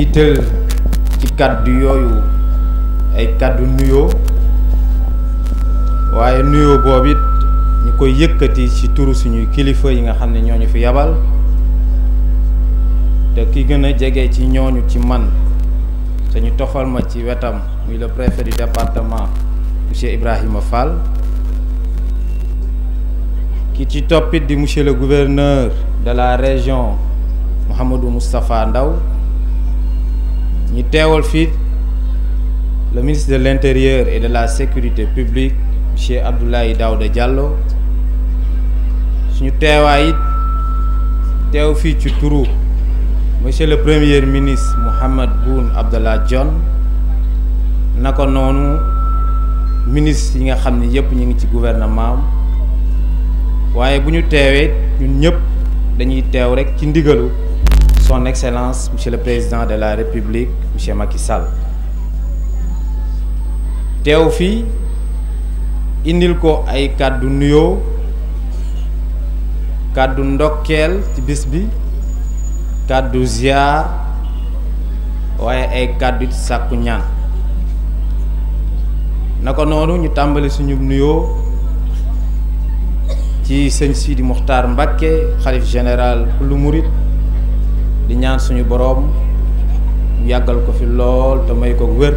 jiital ci kàddu yooyu ay kàddu nuyoo waaye nuyoo boobu it ñu koy yëkkati ci turu suñuy kilifa yi nga xam ne ñooñu fi yabal te ki gën a jege ci ñooñu ci man te ñu tofal ma ci wetam muy le préfet du département monsieur Ibrahima Fall ki ci toppit di monsieur le gouverneur de la région Mouhamadou Moustapha Ndaw ñu teewal fii le ministre de l'intérieur et de la sécurité publique monsieur Abdoulaye Daouda Diallo suñu teewaay it teew fii ci turu monsieur le premier ministre Mohamed Boun Abdallah na naka noonu ministre yi nga xam ni yëpp ñu ngi ci gouvernement waaye bu ñu teewee ñun ñëpp dañuy teew rek ci ndigalu. son excellence monsieur le président de la république monsieur Macky Sall teew fii indil ko ay kàddu nuyoo kàddu ndokkeel ci bis bi kàddu ziar waaye ay kàddu sàkku ñaan naka noonu ñu tàmbali suñu nuyoo ci sëñ Sidi Mokhtar Mbacké xalif général lu murit di ñaan suñu boroom yàggal ko fi lool te may ko wér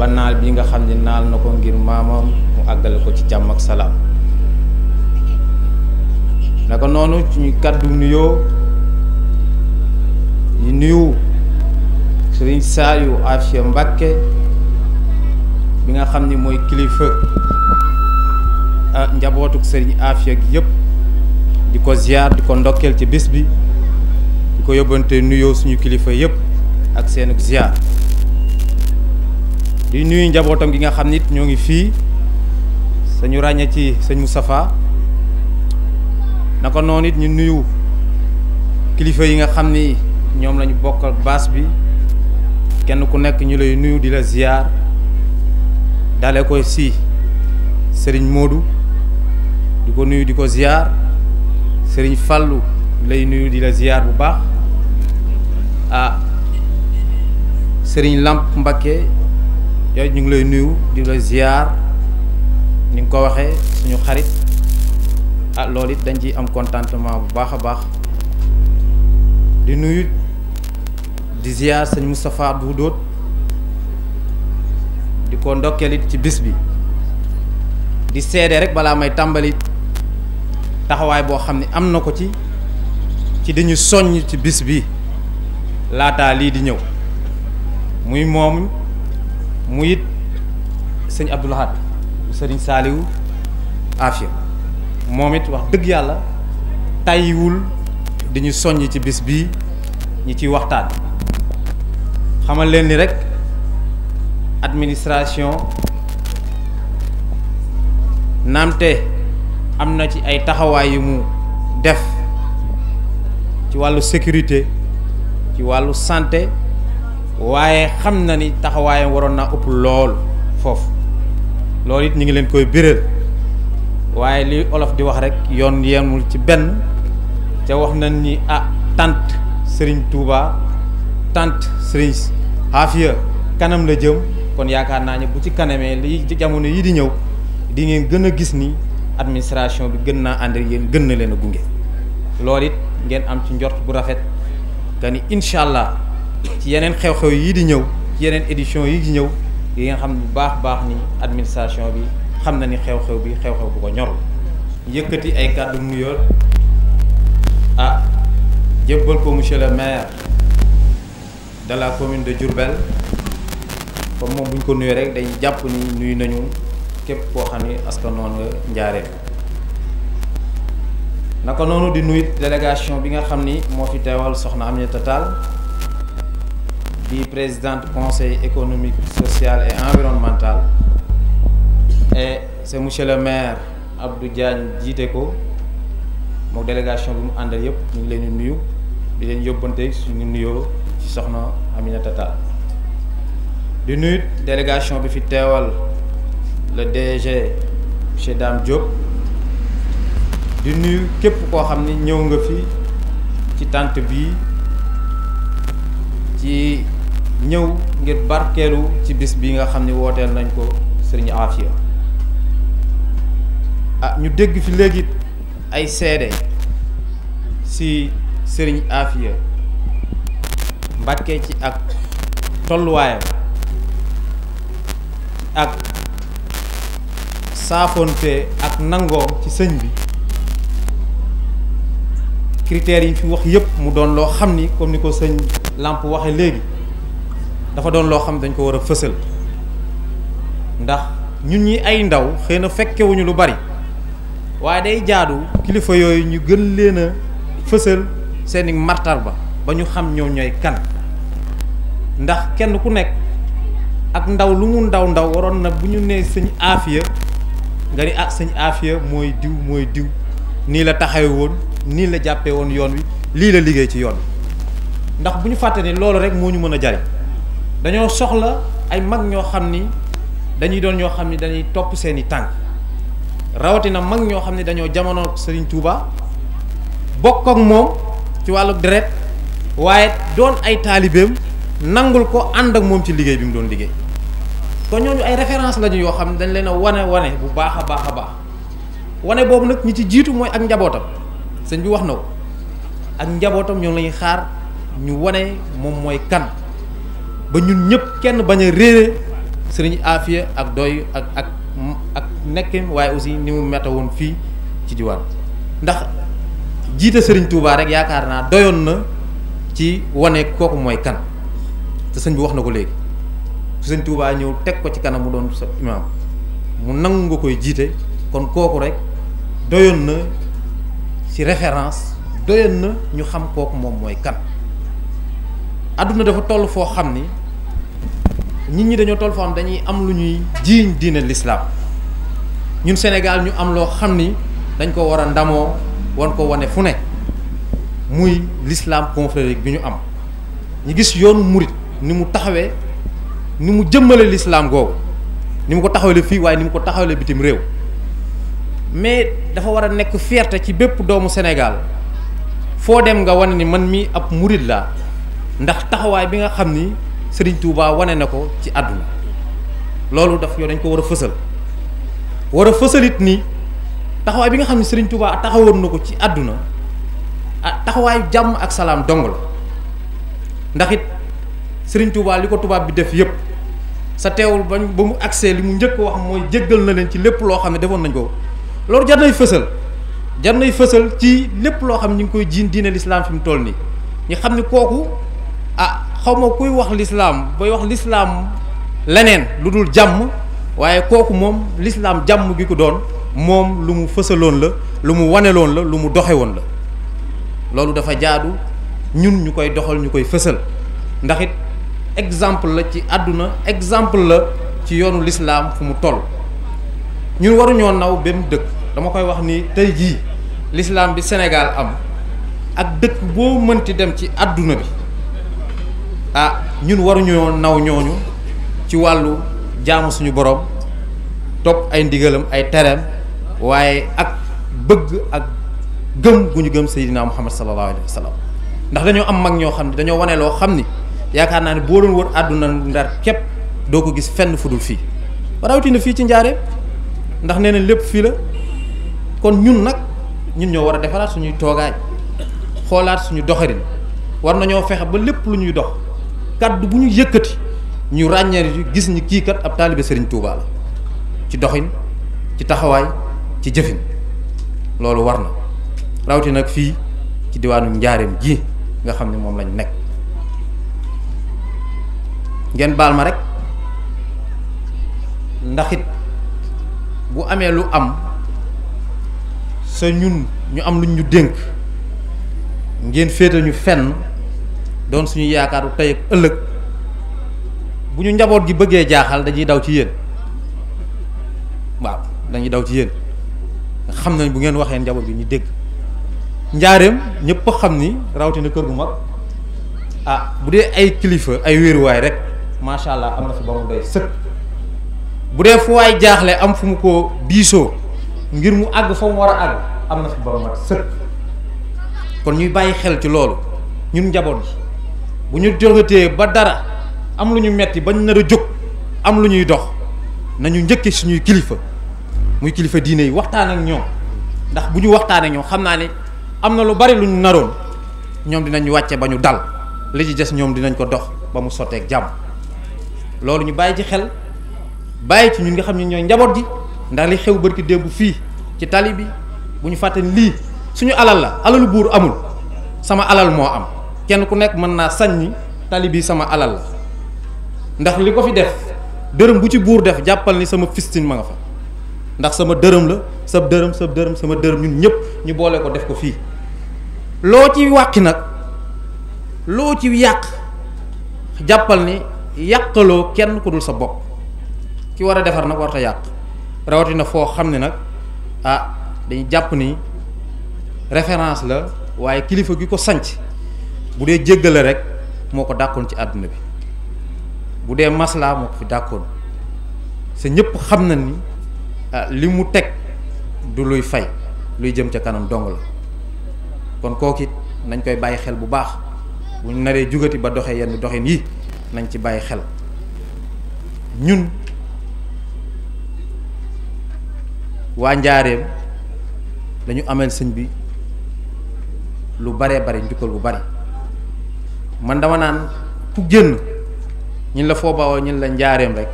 ba naal bi nga xam ne naal na ko ngir maamam mu àggale ko ci jàmm ak salaam ko noonu suñu kàddu nuyoo ñu nuyu Serigne Saliou Afia Mbacké bi nga xam ni mooy kilifa ah, njabootuk Serigne Afia gi yëpp di ko ziar di ko ndokkeel ci bis bi di ko yóbbante nuyoo suñu kilifa yëpp ak seen ziar di nuyu njabootam gi nga xam nit ñoo ngi fii sañu ràññee ci sëñ Moustapha naka noonu it ñu nuyu kilifa yi nga xam ni ñoom lañu bokk baas bi kenn ku nekk ñu lay nuyu di la ziar dale ko si sëriñ Modou di ko nuyu di ko ziar sëriñ Fallou lay nuyu di la ziar bu baax ah Serigne Lamp Mbacké yow ñu ngi lay nuyu di la ziar ni nga ko waxee suñu xarit ah loolu it dañ ci am contentement bu baax a baax di nuyu di ziar sëñ Moustapha Doudou di ko ndokkeel it ci bis bi di seede rek balaa may tàmbali taxawaay boo xam ne am na ko ci ci dañu soññ ci bis bi. laataa lii di ñëw muy moom mu it sëñ Abdou Lahad sëriñ Saaliwu Afia moom it wax dëgg yàlla tàyyiwul di ñu soññ ci bis bi ñu ci waxtaan xamal leen ni rek administration naamte am na ci ay taxawaay yu mu def ci wàllu sécurité wàllu sante waaye xam na ni taxawaayam waroon naa ëpp lool foofu loolu it ñu ngi leen koy biral waaye li olof di wax rek yoon yemul ci benn te wax na ni ah tant sëriñ Touba tant Serigne Afia kanam la jëm kon yaakaar naa ne bu ci kanamee li jamono yi di ñëw di ngeen gën a gis ni administration bi gën naa ànd yéen gën na leen a gunge loolu it ngeen am ci njort bu rafet. dani incha allah ci yeneen xew-xew yii di ñëw ci yeneen édition yi di ñëw yi nga xam ne bu baax baax ni administration bi xam na ni xew-xew bi xew-xew bu ko ñorul yëkkati ay kàddu nuyoo ah jébbal ko monsieur le maire de la commune de Diourbel comme moom buñ ko nuyoo rek dañ jàpp ni nuyu nañu képp koo xam ne askan noonu nga njaaree naka noonu di nuyit délégation bi nga xam ni moo fi teewal soxna Aminata Tall di présidente conseil économique social et environnemental e c'est monsieur le maire Abdou jaan jiite ko moo délégation bi mu àndal yëpp ñu ngi leen di nuyu di leen yóbbante suñu nuyoo ci soxna Aminata Tall di nuyut délégation bi fi teewal le DG monsieur Dame Diop. di nuyu képp koo xam ne ñëw nga fi ci tant bi ci ñëw ngir barkeelu ci bis bi nga xam ni wooteel nañ ko sëriñ Afia ah ñu dégg fi léegi ay seede si sëriñ Afia Mbàkke ci ak tolluwaayam ak saafonte ak nangoo ci sëñ bi critères yi ñu fi wax yëpp mu doon loo xam ni comme ni ko sëñ Lamp waxee léegi dafa doon loo xam dañ ko war a fësal ndax ñun ñi ay ndaw xëy na fekkewuñu lu bari waaye day jaadu kilifa yooyu ñu gën leen a fësal seeni martar ba ba ñu xam ñoom ñooy kan ndax kenn ku nekk ak ndaw lu mu ndaw ndaw waroon na bu ñu nee sëñ aafiya nga ni ah sëñ aafiya mooy diw mooy diw nii la taxawe woon nii la jàppee woon yoon wi lii la liggéey ci yoon wi ndax bu ñu fàtte ni loolu rek moo ñu mën a jariñ dañoo soxla ay mag ñoo xam ni dañuy doon ñoo xam ni dañuy topp seeni tànk rawatina mag ñoo xam ne dañoo jamono Serigne Touba bokk ak moom ci wàllu deret waaye doon ay taalibeem nangul ko ànd ak moom ci liggéey bi mu doon liggéey kon ñooñu ay référence lañu yoo xam ne dañ leen a wane wane bu baax a baax a baax wane boobu nag ñi ci jiitu mooy ak njabootam. sëñ bi wax na ko ak njabootam ñoom lañuy xaar ñu wane moom mooy kan ba ñun ñëpp kenn bañ a réere sëriñ Afia ak doy ak ak ak nekkim waaye aussi ni mu mette woon fii ci diwaan ndax jiite sëriñ Touba rek yaakaar naa doyoon na ci wane kooku mooy kan te sëñ bi wax na ko léegi sëñ Touba ñëw teg ko ci kanam mu doon sa imaam mu nangu nga koy jiite kon kooku rek doyoon na ci référence doyoon na ñu xam kooku moom mooy kan adduna dafa toll foo xam ni nit ñi dañoo toll foo xam dañuy am lu ñuy jiiñ diine lislaam ñun Sénégal ñu am loo xam ni dañ ko war a ndamoo wan ko wane fu ne muy l'islam confrérique bi ñu am ñu gis yoonu murit ni mu taxawee ni mu jëmmale lislaam googu ni mu ko taxawale fii waaye ni mu ko taxawale bitim réew mais dafa war a nekk fierté ci bépp doomu Sénégal foo dem nga wane ni man mii ab murit laa ndax taxawaay bi nga xam ni sëriñ Touba wane na ko ci àdduna loolu daf yow dañ ko war a fësal war a fësalit ni taxawaay bi nga xam ni Serigne Touba taxawoon na ko ci àdduna ah taxawaayu jàmm ak salaam dong la ndax it Serigne Touba li ko tubaab bi def yëpp sa teewul bañ ba mu agsee li mu njëkk wax mooy jéggal na leen ci lépp loo xam ne defoon nañ ko. loolu jar fësal jar nay fësal ci lépp loo xam ñu ngi koy jiin diine lislaam fi mu toll nii ñu xam ne kooku ah xaw ma kuy wax lislaam bay wax lislaam leneen lu dul jàmm waaye kooku moom lislaam jàmm gi ko doon moom lu mu fësaloon la lu mu waneloon la lu mu doxe woon la loolu dafa jaadu ñun ñu koy doxal ñu koy fësal ndax it exemple la ci àdduna exemple la ci yoonu lislaam fu mu toll ñun waruñoo naw benn dëkk dama koy wax ni tey jii lislaam bi senegaal am ak dëkk boo mënti dem ci àdduna bi ah ñun waruñoo naw ñooñu ci wàllu jaamu suñu boroom topp ay ndigalam ay tereem waaye ak bëgg ak gëm gu ñu gëm Seydina Muhammad sallallahu alayhi wa ndax dañoo am mag ñoo xam ne dañoo wane loo xam ni yaakaar naa ne boo doon wër àdduna ndar képp doo ko gis fenn fu fii rawatina fii ci Njaaréem. ndax nee nañ lépp fii la kon ñun nag ñun ñoo war a defaraat suñuy toogaay xoolaat suñu doxarin war nañoo fexe ba lépp lu ñuy dox kàddu bu ñu yëkkati ñu ràññee gis ñi kii kat ab taalibe Serigne Touba ci doxin ci taxawaay ci jëfin loolu war na rawti nag fii ci diwaanu njaareem ji nga xam ne moom lañu nekk ngeen baal ma rek ndaxit bu amee lu am sa ñun ñu am lu ñu dénk ngeen féeta ñu fenn doon suñu yaakaaru tey ak ëllëg bu ñu njaboot gi bëggee jaaxal dañuy daw ci yéen waaw dañuy daw ci yéen xam nañ bu ngeen waxee njaboot gi ñu dégg njaareem ñëpp xam ni rawatina kër gu mag ah bu dee ay kilifa ay wéeruwaay rek macha allah am na fi ba mu doy sëkk. bu dee fu waay jaaxle am fu mu ko diisoo ngir mu àgg fa mu war a àgg am na fi ba sëkk kon ñuy bàyyi xel ci loolu ñun njaboot yi bu ñu jógatee ba dara am lu ñu metti bañ nar a jóg am lu ñuy dox nañu njëkke suñuy kilifa muy kilifa diine yi waxtaan ak ñoom ndax bu ñu waxtaanee ñoom xam naa ne am na lu bari lu ñu naroon ñoom dinañ wàcce ba ñu dal li ci des ñoom dinañ ko dox ba mu sotteeg jàmm loolu ñu bàyyi ci xel bàyyi ci ñun nga xam ne ñooy njaboot ji ndax li xew barki démb fii ci tali bi bu ñu fàtte lii suñu alal la alalu buur amul sama alal moo am kenn ku nekk mën naa sañ ni tali bi sama alal la ndax li ko fi def dërëm bu ci buur def jàppal ni sama fistine ma nga fa ndax sama dërëm la sab dërëm sab dërëm sama dërëm ñun ñëpp ñu boole ko def ko fii loo ci wàqi nag loo ci yàq jàppal ni yàqaloo kenn ku dul sa bopp ki war a defar nag warta yàq rawatina foo xam ne nag ah dañu jàpp ni référence la waaye kilifa gi ko sanc bu dee jéggale rek moo ko dàkkoon ci àdduna bi bu dee maslaa moo ko fi dàkkoon sa ñëpp xam na ni ah, li mu teg du luy fay luy jëm ca kanam dong la kon kookit it nañ koy bàyyi xel bu baax buñ naree jugati ba doxee yenn doxin yi nañ ci bàyyi xel ñun waa njaareem dañu ameel sëñ bi lu baree bari njukkal bu bari man dama naan ku génn ñun la foo bawoo ñun la njaareem rek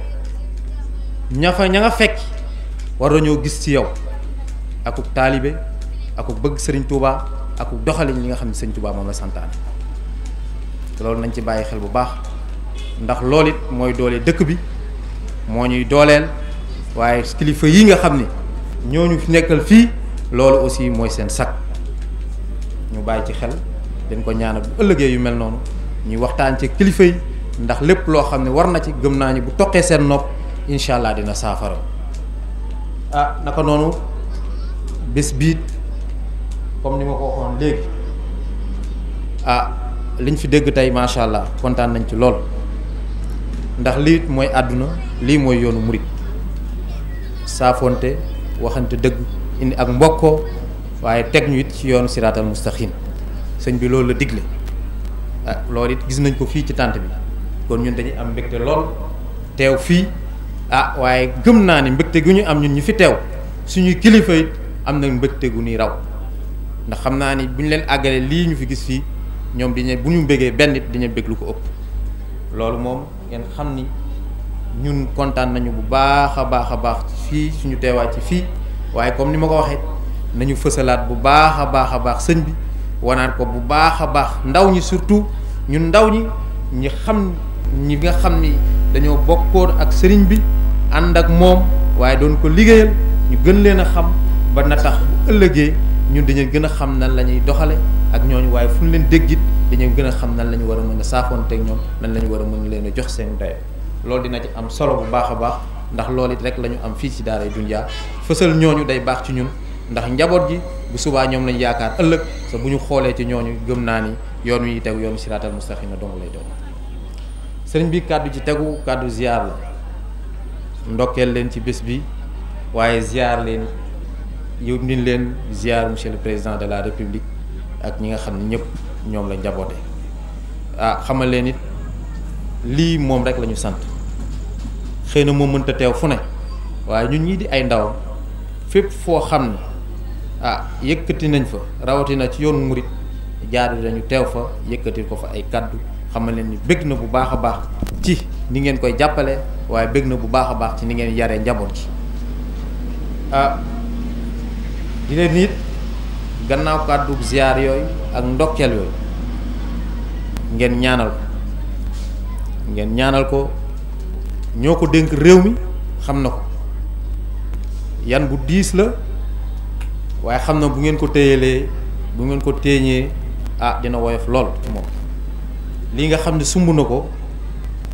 ña fa ña nga fekk war nañoo gis ci yow akuk taalibe akuk bëgg sëriñ Touba akuk doxalin li nga xam ne sëriñ Touba moom la santaane loolu nañ ci bàyyi xel bu baax ndax lool it mooy doole dëkk bi moo ñuy dooleel waaye kilifa yi nga xam ni ñooñu nekkal fii loolu aussi mooy seen sac ñu bàyyi ci xel dañ ko ñaanal bu ëllëgee yu mel noonu ñuy waxtaan ci kilifay ndax lépp loo xam ne war na ci gëm naa ni bu toqee seen nopp incha allah dina saafara ah naka noonu bis biit comme ni ma ko waxoon léegi ah liñ fi dégg tey macha allah kontaan nañ ci lool ndax liit mooy àdduna lii mooy yoonu murit saafonte waxante dëgg indi ak mbokkoo waaye teg ñu it ci yoonu siraatal mustaqim sëñ bi loolu la digle ah loolu it gis nañ ko fii ci tànt bi kon ñun dañuy am mbégte lool teew fii ah waaye gëm naa ni mbégte gu ñu am ñun ñu fi teew suñuy kilifa it am na mbégte gu ñuy raw ndax xam naa ni bu ñu leen àggalee lii ñu fi gis fii ñoom diñu bu ñu bégee benn it diñu bég lu ko ëpp loolu moom ngeen xam ni. ñun kontaan nañu bu baax a baax a baax fii suñu teewaat ci fii waaye comme ni ma ko waxee nañu fësalaat bu baax a baax a baax sëñ bi wanaat ko bu baax a baax ndaw ñi surtout ñun ndaw ñi ñi xam ñi nga xam ni dañoo bokkoon ak sëriñ bi ànd ak moom waaye doon ko liggéeyal ñu gën leen a xam ba na tax bu ëllëgee ñun dañu gën a xam nan la ñuy doxale ak ñooñu waaye fu ñu leen déggit dañu gën a xam nan la ñu war a mën a saafoonteeg ñoom nan la ñu war a mën leen a jox seen dayo loolu dina ci am solo bu baax a baax ndax loolu it rek lañu am fii ci daaray Dunya fësal ñooñu day baax ci ñun ndax njaboot ji bu subaa ñoom lañ yaakaar ëllëg sa bu ñu xoolee ci ñooñu gëm naa ni yoon wi tegu yoonu siraatal mustaqim na dong lay doon sëriñ bi kàddu ci tegu kàddu ziar la ndokkeel leen ci bés bi waaye ziar leen yow ni leen ziar monsieur le président de la république ak ñi nga xam ne ñëpp ñoom la njaboote ah xamal leen it lii moom rek la ñu sant xëy na moo mënta teew fu ne waaye ñun ñii di ay ndaw fépp foo xam ne ah yëkkati nañ fa rawatina ci yoon murit jaadu dañu teew fa yëkkati ko fa ay kàddu xamal leen ni bëgg na bu baax a baax ci ni ngeen koy jàppale waaye bëgg na bu baax a baax ci ni ngeen yaree njaboot ci ah di leen nit gannaaw kàddu ziar yooyu ak ndokkeel yooyu ngeen ñaanal ko ngeen ñaanal ko ñoo ko dénk réew mi xam na ko yan bu diis la waaye xam na bu ngeen ko téyelee bu ngeen ko téeñee ah dina woyof lool moom lii nga xam ne sumb na ko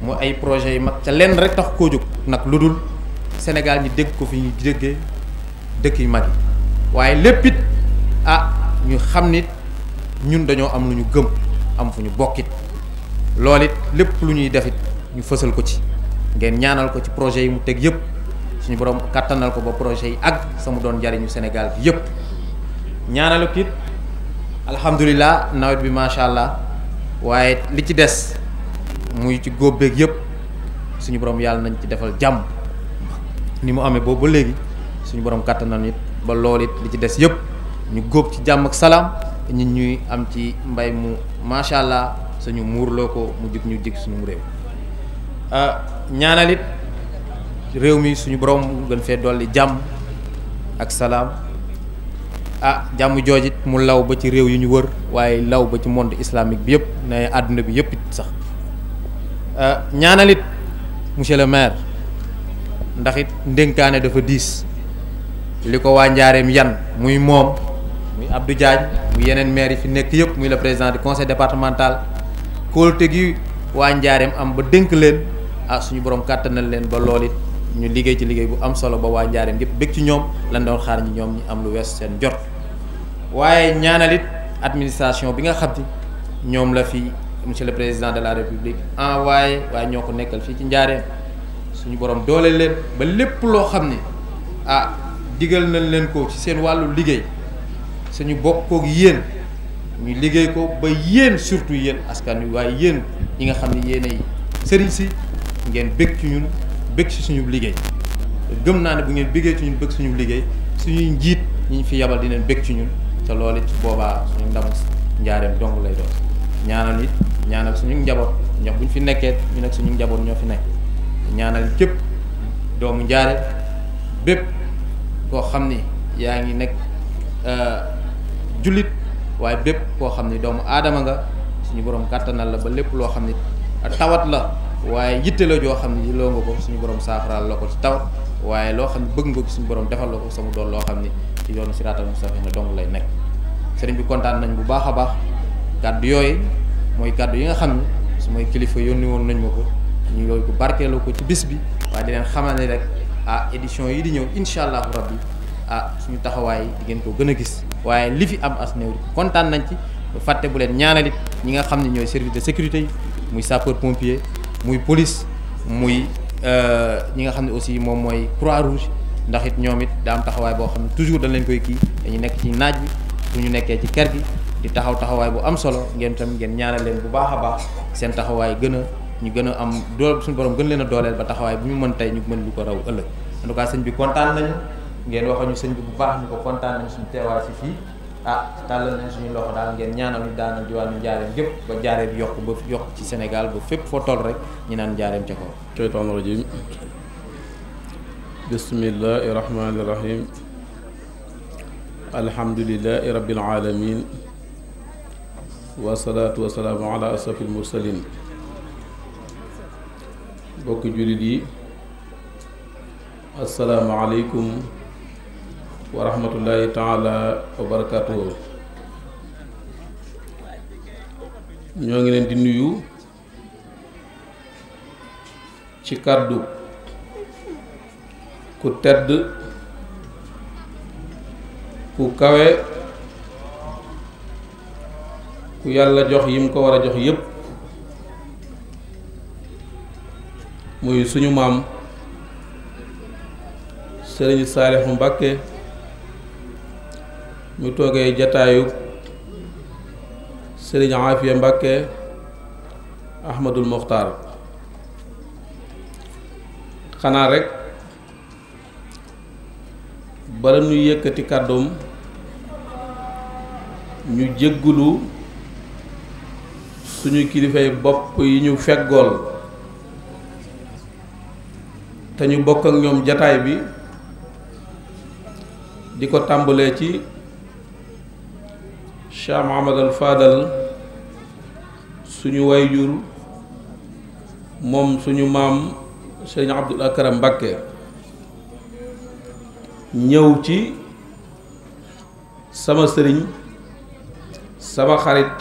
mu ay projets yi mag ca lenn rek tax koo jóg nag lu dul Sénégal ñi dégg ko fi ñu déggee dëkk yu mag yi waaye lépp it ah ñu xam nit ñun dañoo am lu ñu gëm am fu ñu bokkit lool it lépp lu ñuy defit ñu fësal ko ci ngeen ñaanal ko ci projet yi mu teg yëpp suñu borom kàttanal ko ba projet yi ak sama mu doon njariñu Sénégal bi yëpp ñaanalu kit alhamdulilah nawet bi macha allah waaye li ci des muy ci góob beeg yëpp suñu borom yàlla nañ ci defal jàmm ni mu amee boobu ba léegi suñu borom kattanal it ba loolu it li ci des yëpp ñu góob ci jàmm ak salaam nit ñuy am ci mbay mu macha allah suñu muur loo ko mu jig ñu jig suñu réew. Euh, ñaanalit réew mi suñu borom gën fee dolli jàmm ak salaam ah jàmm joojit mu law ba ci réew yu ñu wër waaye law ba ci monde islamique bi yëpp ne àdduna bi yëpp sax euh, ñaanalit monsieur le maire ndax it ndénkaane dafa diis li ko waa njaareem yan muy moom muy Abdou Diagne muy yeneen meer yi fi nekk yëpp muy la président du conseil départemental kóolute gi waa njaareem am ba dénk leen ah suñu borom kàttanal leen ba lool it ñu liggéey ci liggéey bu am solo ba waa njaareem yëpp bég ci ñoom lan doon xaar ñi ñoom ñu am lu wees seen jot waaye ñaanal it administration bi nga xam ni ñoom la fi monsieur le président de la république envoyé waaye ñoo ko nekkal fii ci njaareem suñu borom doole leen ba lépp loo xam ne ah digal nañ leen ko ci seen wàllu liggéey suñu bokkoog yéen ñu liggéey ko ba yéen surtout yéen askan wi waaye yéen yi nga xam ne yéenay sëriñ si ngeen bëgg ci ñun bëgg ci suñu liggéey gëm naa ne bu ngeen bëggee ci ñun bëgg suñu liggéey suñuy njiit ñu ñi fi yabal dinañ bëgg ci ñun te loolu it boobaa suñu si njaareem dong lay doon ñaanal it ñaanal suñu njaboot ñox buñ fi nekkee ñu nekk suñu njaboot ñoo fi nekk ñaanal képp doomu njaare bépp koo xam ni yaa ngi nekk euh, jullit waaye bépp koo xam ni doomu aadama nga suñu borom kàttanal la ba lépp loo xam ni tawat la waaye yitte la joo xam ne loo nga ko suñu borom saafaraal la ko ci taw waaye loo xam ne bëgg nga ko suñu borom defal la ko sama doon loo xam ne ci yoonu siraatal mustaqiim ne dong lay nekk sëriñ bi kontaan nañ bu baax a baax kàddu yooyu mooy kàddu yi nga xam ne su may kilifa yónni woon nañ ma ko ñu yooyu ko barkeeloo ko ci bis bi waaye di leen ne ah édition yi di ñëw incha allahu rabbi ah suñu taxawaay di ngeen ko gën a gis waaye li fi am as néew kontaan nañ ci fàtte bu leen ñaanalit ñi nga xam ne ñooy service de sécurité yi muy sapeur pompier muy police muy euh, ñi nga xam ne aussi moom mooy croix rouge ndax it ñoom it daa am taxawaay boo xam ne toujours dañ leen koy kii dañu nekk ci naaj bi bu ñu nekkee ci kër gi di taxaw taxawaay bu am solo ngeen tam ngeen ñaanal leen bu baax a baax seen taxawaay gën a ñu gën a am doole suñu borom gën leen a dooleel ba taxawaay bu ñu mën tey ñu mën du ko raw ëllëg en tout sëñ bi kontaan nañu ngeen waxoon ñu sëñ bi bu baax ñu ko kontaan nañu suñu teewaay si fii ah tàllal nañ suñu loxo daal ngeen ñaanal ñu daanal diwaanu njaareem gépp ba njaareem yokk ba yokk ci Sénégal ba fépp foo toll rek ñu naan njaareem ca kaw sheytaan rajim bismillahi rahmaani rahim alhamdulilahi rabbil alamin wasalaatu wasalaamu ala asrafil bokk jullit yi asalaamaaleykum wa rahmatullahi taala wa barakaatuhu ñoo ngi leen di nuyu ci kàddu ku tedd ku kawe ku yàlla jox yim ko war a jox yépp muy suñu maam sëriñ Saalixu Mbàkke ñu toogee jataayu sëriñ Aafiya Mbàkke Ahmadul Muxtaar xanaa rekk bala ñuy yëkkati kàddoom ñu jéggulu suñu kilifay bopp yi ñu feggool te ñu bokk ñoom jataay bi di ko tàmbalee ci Cheikh Mouhamadal Fadal suñu wayjur moom suñu maam sëriñ Abdul Akaram Mbàkke ñëw ci sama sëriñ sama xarit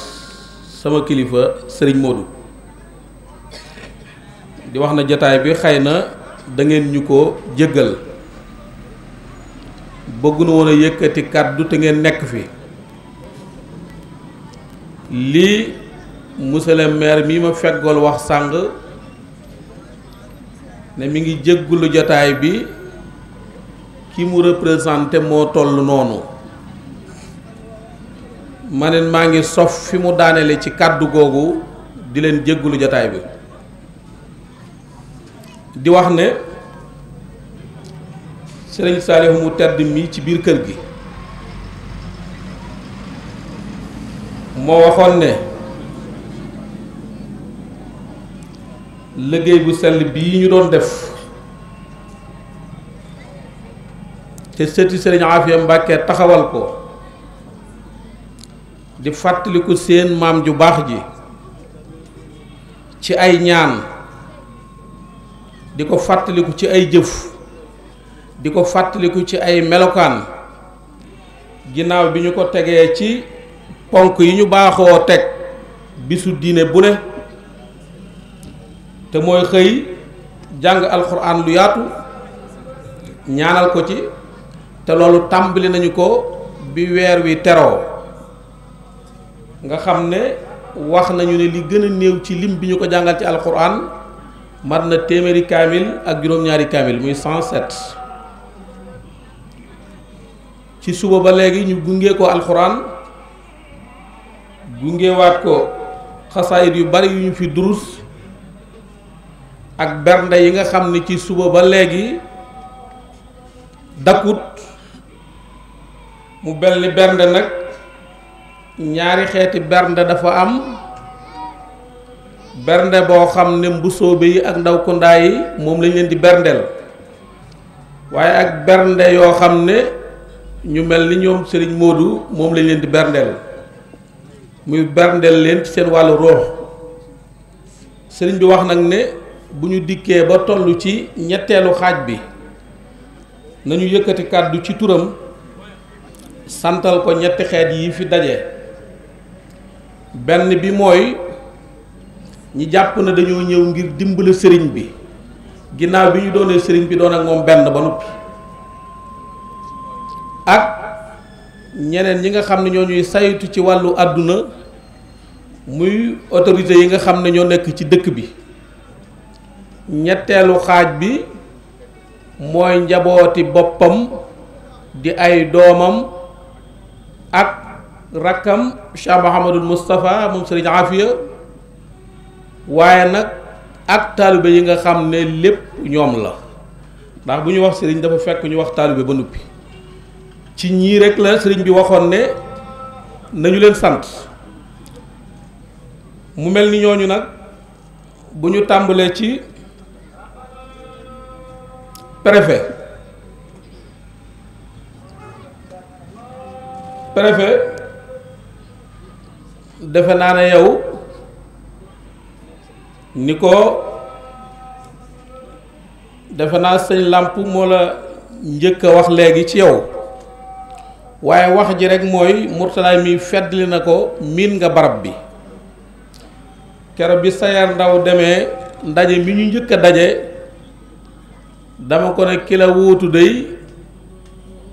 sama kilifa sëriñ Modou di wax na jataay bi xay na dangeen ñu ko jéggal bëgg na woon yëkkati kàddu te ngeen nekk fi lii monsieur le maire mi ma feggool wax sàng ne mi ngi jéggulu jataay bi ki mu représenté moo toll noonu ma maa ngi sof fi mu daanele ci kàddu googu di leen jéggulu jataay bi di wax ne sëriñ Saalihu mu tedd mi ci biir kër gi moo waxoon ne liggéey bu sell bii ñu doon def te sëti sëriñ Aafiya Mbàkke taxawal ko di fàttaliku seen maam ju baax ji ci ay ñaan di ko fàttaliku ci ay jëf di ko fàttaliku ci ay melokaan ginnaaw bi ñu ko tegee ci ponk yi ñu baaxoo teg bisu diine bu ne te mooy xëy jàng alxuraan lu yaatu ñaanal ko ci te loolu tàmbali nañu ko bi weer wi teroo nga xam ne wax nañu ne li gën a néew ci lim bi ñu ko jàngal ci alxuraan mat na téeméeri kaamil ak juróom-ñaari kaamil muy 107 ci suba ba léegi ñu gungee ko alxuraan gungewaat ko xasaayit yu bari yu ñu fi durus ak bernde yi nga xam ni ci suba ba léegi dakkut mu bel ni bernde nag ñaari xeeti bernde dafa am bernde boo xam ne mbusoobe yi ak ndaw kundaa yi moom lañ leen di berndeel waaye ak bernde yoo xam ne ñu mel ni ñoom Serigne Modou moom lañ leen di berndeel muy berndeel leen ci seen wàllu ruux sëriñ bi wax nag ne bu ñu dikkee ba toll ci ñetteelu xaaj bi nañu yëkkati kàddu ci turam santal ko ñetti xeet yi fi daje benn bi mooy ñi jàpp na dañoo ñëw ngir dimbali sëriñ bi ginnaaw bi ñu doonee sëriñ bi doon ak moom benn ba noppi ñeneen ñi nga xam ne ñoo ñuy saytu ci wàllu àdduna muy autorités yi nga xam ne ñoo nekk ci dëkk bi ñetteelu xaaj bi mooy njabooti boppam di ay doomam ak rakkam Cheikh Mouhamadul Moustapha moom Serigne Afia waaye nag ak taalibe yi nga xam ne lépp ñoom la ndax bu ñu wax Serigne dafa fekk ñu wax taalibe ba nuppi ci ñii rekk la sëriñ bi waxoon ne nañu leen sant mu mel ni ñooñu nag bu ñu tàmbalee ci préfet préfet defe naa ne yow ni ko defe naa sëñ làmp moo la njëkk a wax léegi ci yow waaye wax ji rek mooy murtalaay mi feddli na ko miin nga barab bi kero bi sayaar ndaw demee ndaje mi ñu njëkk a daje dama ko ne ki la wuutu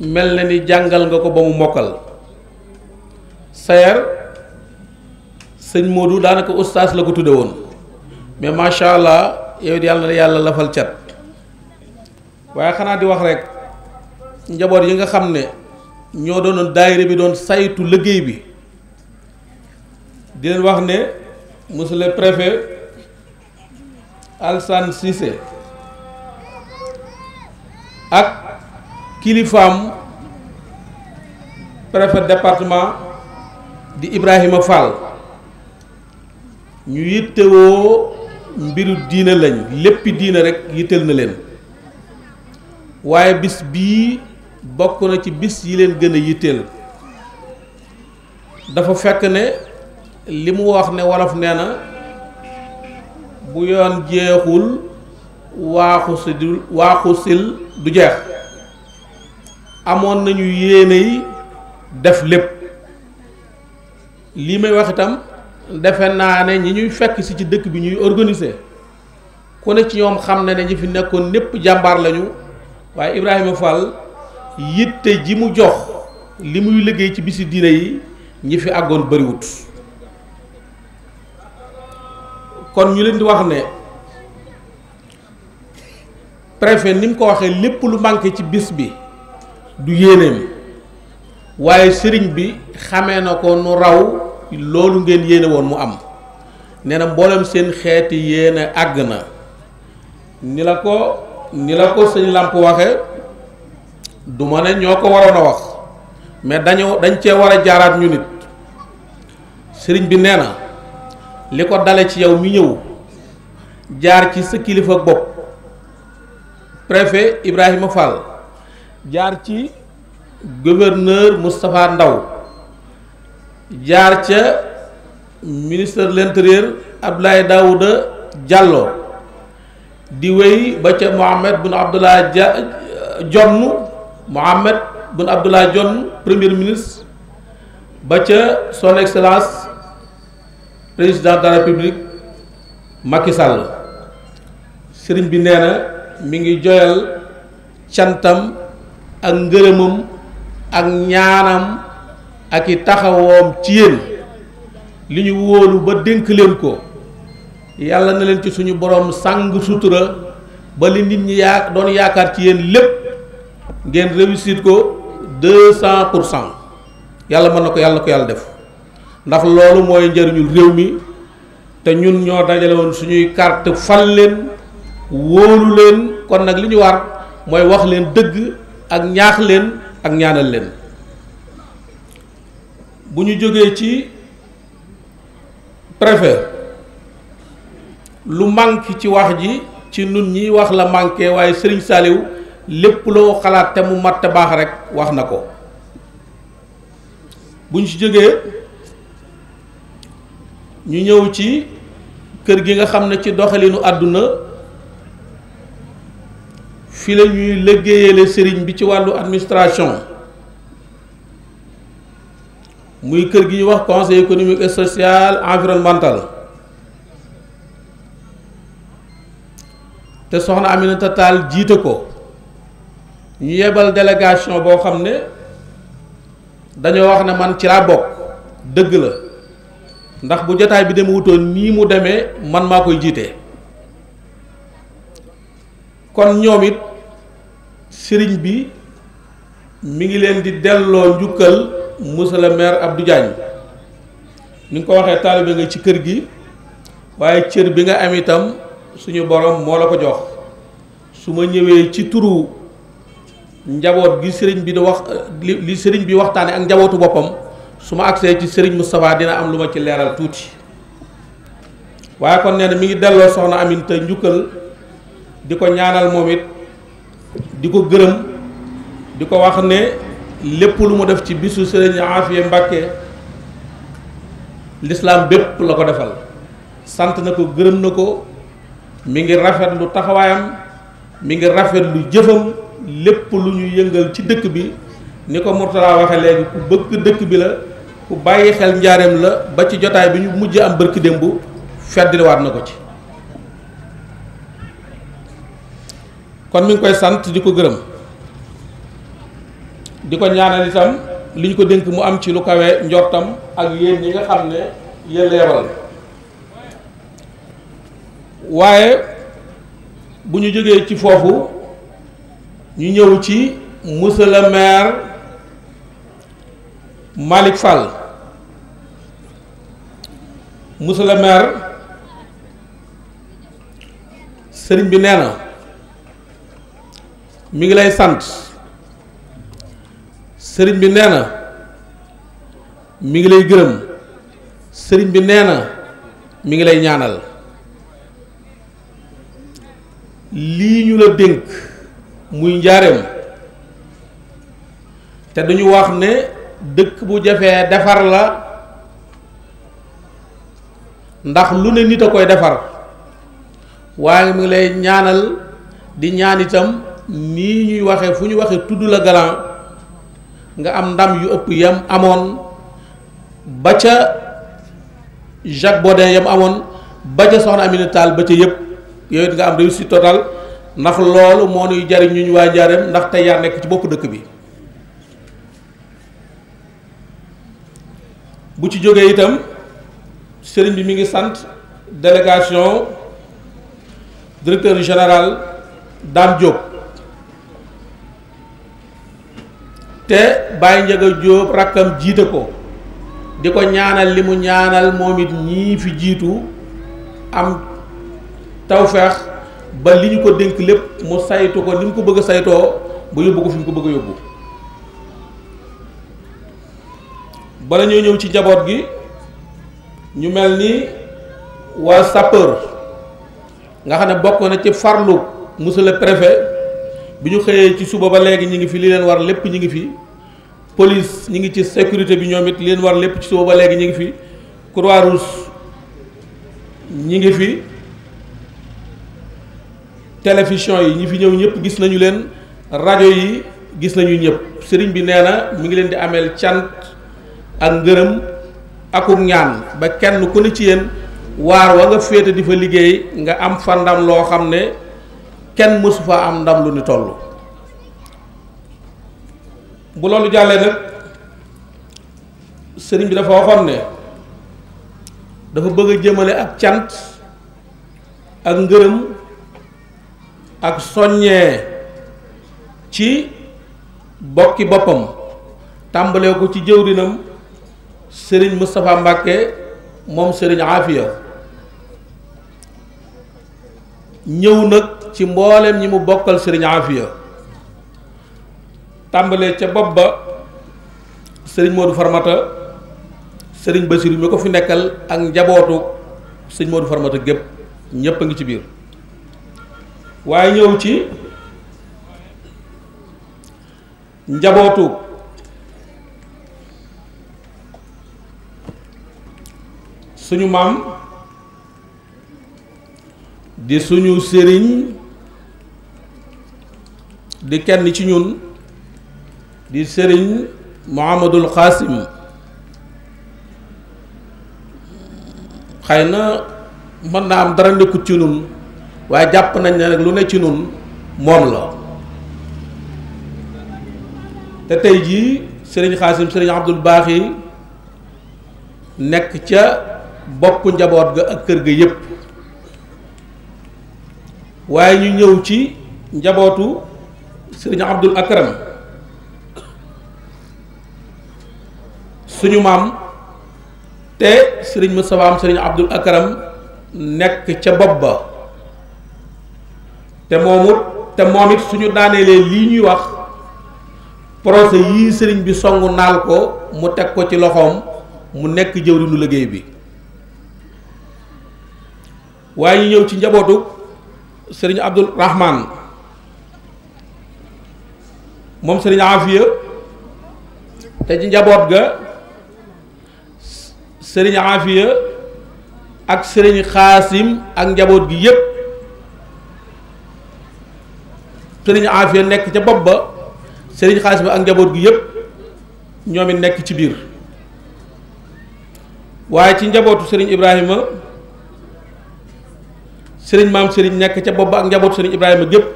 mel na ni jàngal nga ko ba mu mokkal sayar sëñ Modou daanaka ustaas la ko tudde woon mais macha allah yow yàlla yàlla lafal cat waaye xanaa di wax rek njaboot yi nga xam ne ñoo doonoon daayira bi doon saytu liggéey bi di leen wax ne monsieur le préfet Alsane Cissé ak kilifaam préfet département di Ibrahima Fall ñu yittewoo mbiru diine lañ léppi diine rekk yitteel na leen waaye bis bii bokk na ci bis yi leen gën a yitteel dafa fekk ne li mu wax ne wolof nee na bu yoon jeexul waaxu du sil du jeex amoon nañu yéene yi def lépp lii may wax itam defe naa ne ñi ñuy fekk si ci dëkk bi ñuy organiser ku ne ci ñoom xam na ne ñi fi nekkoon népp jàmbaar lañu waaye Ibrahima Fall. yitte ji mu jox li muy liggéey ci bisi diine yi ñi fi àggoon bariwut kon ñu leen di wax ne préfet ni mu ko waxee lépp lu manqué ci bis bi du yéeneem waaye sëriñ bi xamee na ko nu raw loolu ngeen yéene mu am nee na mboolem seen xeeti yéene àgg na ni la ko ni la ko sëñ làmp waxe du ma ne ñoo ko waroon a wax mais dañoo dañ cee war a jaaraat ñu nit sëriñ bi nee na li ko dale ci yow mi ñëw jaar ci sa kilifa bopp préfet Ibrahima Fall jaar ci gouverneur Moustapha Ndaw jaar ca ministre de l'intérieur Abdoulaye Daouda Diallo di wéy ba ca Mohamed Boun Abdallah Dionne Mohamed Boun Abdallah Dionne premier ministre ba ca son excellence président de la makisal Macky sëriñ bi nee na mi ngi joyal cantam ak ngërëmam ak ñaanam ak i taxawoom ci yéen li ñu wóolu ba dénk ko yàlla na leen ci suñu borom sàng sutura ba li nit ñi doon yaakaar ci yéen lépp ngeen réussir ko deux cent cent yàlla mën na ko yàlla ko yàlla def ndax loolu mooy njëriñul réew mi te ñun ñoo dajale woon suñuy carte fal leen wóolu leen kon nag li ñu war mooy wax leen dëgg ak ñaax leen ak ñaanal leen bu ñu jógee ci préfet lu manque ci wax ji ci nun ñi wax la manqué waaye Serigne Saliou lépp loo xalaat te mu mat baax rek wax na ko buñ ci jógee ñu ñëw ci kër gi nga xam ne ci doxalinu àdduna fi la ñuy liggéeyale sëriñ bi ci wàllu administration muy kër gi ñuy wax conseil économique et social environnemental te soxna Aminata Tall jiite ko ñu yebal délégation boo xam ne dañoo wax ne man ci laa bokk dëgg la ndax bu jotaay bi dem wutoon nii mu demee man maa koy jiite kon ñoom it sëriñ bi mu ngi leen di delloo njukkal monsieur le maire Abdou Diagne ni nga ko waxee taalibe nga ci kër gi waaye cër bi nga am itam suñu borom moo la ko jox su ma ñëwee ci turu njaboot gi sëriñ bi di wax li li sëriñ bi waxtaane ak njabootu boppam su ma agsee ci sëriñ Moustapha dina am lu ma ci leeral tuuti waaye kon nee na mi ngi delloo soxna Aminta njukkal di ko ñaanal moom it di ko gërëm di ko wax ne lépp lu mu def ci bisu sëriñ Afiya Mbàkke lislaam bépp la ko defal sant na ko gërëm na ko mi ngi rafet lu taxawaayam mi ngi rafet lu jëfam lépp lu ñu yëngal ci dëkk bi ni ko Mourtala waxe léegi ku bëgg dëkk bi la ku bàyyi xel njaareem la ba ci jotaay bi ñu mujj am bërki démb feddiliwaat na ko ci kon mi ngi koy sant di ko gërëm di ko ñaanal itam li ñu ko dénk mu am ci lu kawe njortam ak yéen ñi nga xam ne yéen waaye bu ñu jógee ci foofu ñu ñëw ci monsieur le maire Malick Fall monsieur sëriñ bi nee na mi ngi lay sant sëriñ bi nee na mi ngi lay gërëm sëriñ bi nee na mi ngi lay ñaanal lii ñu la dénk muy njaareem te duñu wax ne dëkk bu jafee defar la ndax lu ne nit a koy defar waaye mu ngi lay ñaanal di ñaan itam nii ñuy waxe fu ñu waxee tudd la galan nga am ndam yu ëpp yam amoon ba ca Jacques Baudin yam amoon ba ca Soxna Amina Tall ba ca yëpp yooyu nga am si totale ndax loolu moo nuy jariñ ñu ñu waa njaareem ndax te yaa nekk ci bopp dëkk bi bu ci jógee itam sëriñ bi mi ngi sant délégation directeur général Dame Diop te Baye Ndiaga Diop rakkam jiite ko di ko ñaanal li mu ñaanal moom it ñii fi jiitu am tawfeex ba li ñu ko dénk lépp mu saytu ko ni mu ko bëgg saytoo ba yóbbu ko fi mu ko bëgg a yóbbu bala ñoo ñëw ci njaboot gi ñu mel ni waa sapeur nga xam ne bokk na ci farlu monsieur le préfet bi ñu xëyee ci suba ba léegi ñu ngi fi li leen war lépp ñu ngi fi polis ñu ngi ci sécurité bi ñoom it li leen war lépp ci suba ba léegi ñu ngi fi croix ñu ngi fi. télévision yi ñu fi ñëw ñëpp gis nañu leen rajo yi gis nañu ñëpp sëriñ bi nee na mu ngi leen di ameel cant ak ngërëm akuk ñaan ba kenn ku ne ci yéen waar wa nga féete di fa liggéey nga am fa ndam loo xam ne kenn mësu fa am ndam lu ni toll bu loolu jàllee nag sëriñ bi dafa waxoon ne dafa bëgg a jëmale ak cant ak ngërëm ak soññee ci bokki boppam tàmbalee ko ci jëwrinam sëriñ Moustapha Mbàkke moom sëriñ Aafiya ñëw nag ci mbooleem ñi mu bokkal sëriñ Aafiya tàmbalee ca bopp ba sëriñ Modou Farmata sëriñ Basiru mi ko fi nekkal ak njabootu sëriñ Modou Farmata gépp ñépp a ngi ci biir waaye ñëw ci njabootu suñu maam di suñu sëriñ di kenn ci ñun di sëriñ Muhammadul Xaasim xëy na mën naa am dara nekkut ci ñun waaye jàpp nañ ne nag lu ne ci nun moom la te tey jii sëriñ xaasim sëriñ abdul baax yi nekk ca bopp njaboot ga ak kër ga yépp waaye ñu ñëw ci njabootu sëriñ abdul akram suñu maam te sëriñ Mustafaa am sëriñ abdul akram nekk ca bopp ba te moomut te moom it suñu daaneelee lii ñuy wax procès yii sëriñ bi songu naal ko mu teg ko ci loxoom mu nekk jëwriñu liggéey bi waaye ñu ñëw ci njabootu sëriñ Abdul Rahman moom sëriñ Afiya te ci njaboot ga sëriñ Afiya ak sëriñ Xaasim ak njaboot gi yépp sëriñ Afia nekk ca bopp ba sëriñ xaalis bi ak njaboot gi yëpp ñoomi nekk ci biir waaye ci njabootu sëriñ Ibrahima sëriñ maam sëriñ nekk ca bopp ba ak njabootu sëriñ Ibrahima gépp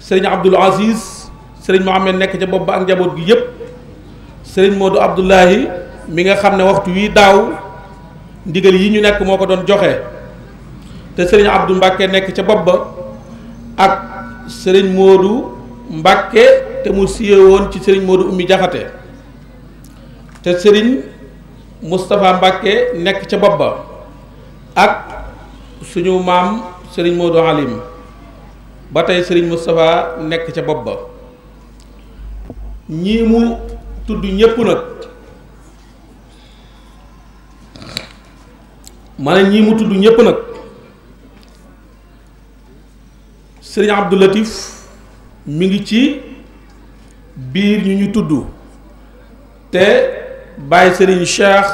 sëriñ Abdul Aziz sëriñ Mohamed nekk ca bopp ba ak njaboot gi yëpp sëriñ Modou Abdoulahi mi nga xam ne waxtu wi daaw ndigal yi ñu nekk moo ko doon joxe te sëriñ Abdou Mbacke nekk ca bopp ba ak. sëriñ moodu mbàkke te mu siyee woon ci sëriñ Modou Oumy Diakhaté te sëriñ Moustapha Mbacke nekk ca bopp ba ak suñu maam sëriñ Modou Halim ba tey sëriñ Moustapha nekk ca bopp ba ñii mu tudd ñépp nag ma ne ñii mu tudd ñépp nag sëriñ Abdou Latif mi ngi ci biir ñu ñu tudd te bàyyi sëriñ Cheikh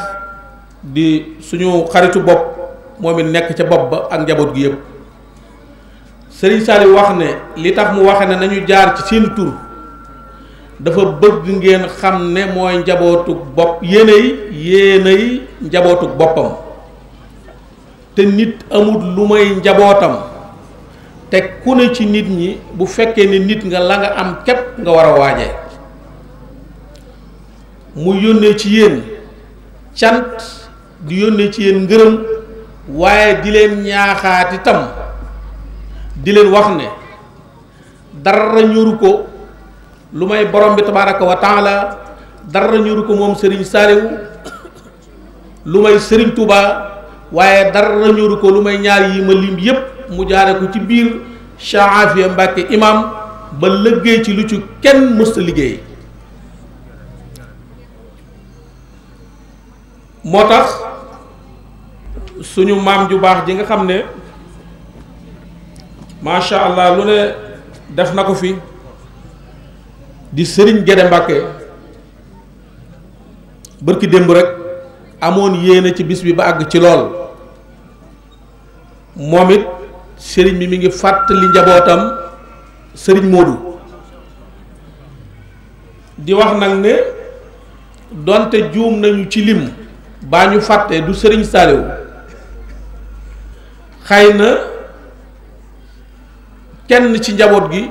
di suñu xaritu bopp moom it nekk ca bopp ba ak njaboot gi yëpp sëriñ Saliou wax ne li tax mu waxe ne nañu jaar ci seen tur dafa bëgg ngeen xam ne mooy njabootu bopp yéenay yéenay njabootu boppam te nit amut lu may njabootam te ku ne ci nit ñi bu fekkee ne nit nga la nga am képp nga war a waaje mu yónnee ci yéen cant di yónnee ci yéen ngërëm waaye di leen ñaaxaati itam di leen wax ne dara ñoru ko lu may borom bi tabaraka wa dara ñoru ko moom sëriñ Saaliw lu may sëriñ Tuubaa waaye dara ñoru ko lu may ñaar yi ma lim yépp mu jaare ko ci biir Cheikh Afia Mbàkke imaam ba liggéey ci lu ci kenn mësta liggéey moo tax suñu maam ju baax ji nga xam ne macha allah lu ne def na ko fi di sëriñ Gédé Mbàkke ki démb rek amoon yéene ci bis bi ba àgg ci lool moom it sëriñ bi mu ngi fàttali njabootam sëriñ Modou di wax nag ne donte juum nañu ci lim baa ñu fàtte du sëriñ Saliou xay na kenn ci njaboot gi